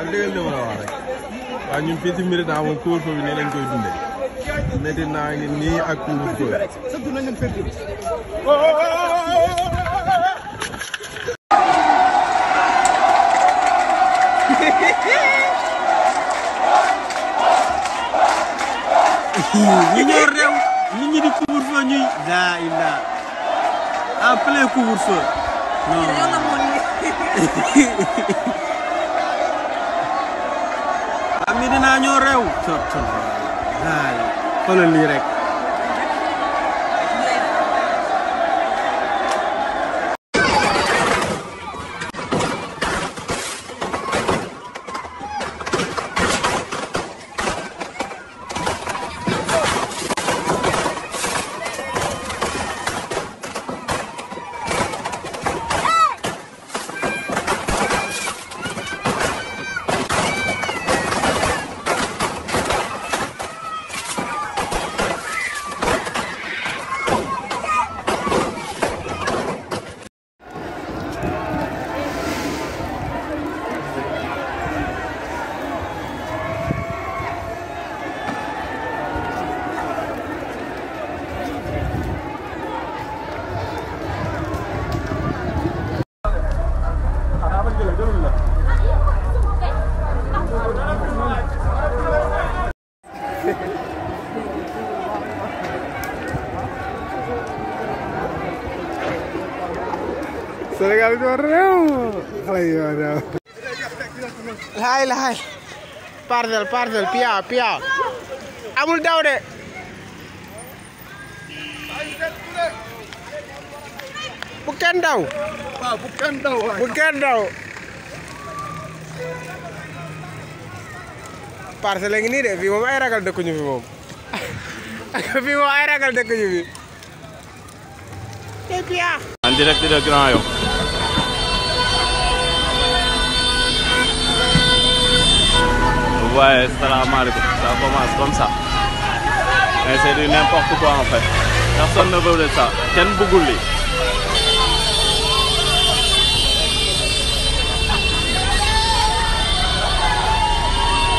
ak dëggal li ma la wax rek waaw ñun fii ci Médina moom couvre-feu bi nii lañ koy dundee Médina ngi nii ak couvre-feu ñu ñëw réew nit ñi di couvre-feu ñuy daa illa en plein couvre-feu non mi dinaa ñoo réew. coot coot waaye xoolal lii rek. Sénégal ñoo réew xale yi ñoo réew laay laay pardel pardel pia pia amul daw de bu kenn daw bu kenn daw bu kenn daw parcelle a ngi nii de fii moom ay ragal dëkkuñu fi moom fii moom ay ragal dëkkuñu fi en direct de ouais, salaamaaleykum. Ça commence comme ça. Mais c'est du n'importe quoi en fait. Personne ne veut de ça. Kenn bëggul li.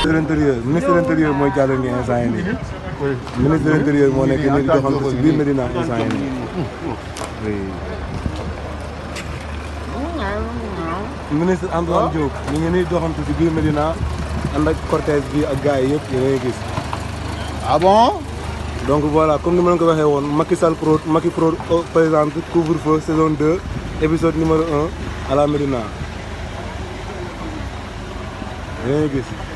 ministre de l'intérieur ministre de l'intérieur mooy jàll ngi instant yi nii ministre de l'intérieur moo nekk nii di doxante si biir Médina instant yi nii ministre Antoine Diop ñu ngi nii doxante si biir Médina ànd ak cortège bi ak gars yi yëpp yéen a gis. ah bon. donc voilà comme ni ma leen ko waxee woon Macky Sall pro Macky pro euh, présente couvre-feu saison 2 épisode numéro 1 à la Médina yéen a gis.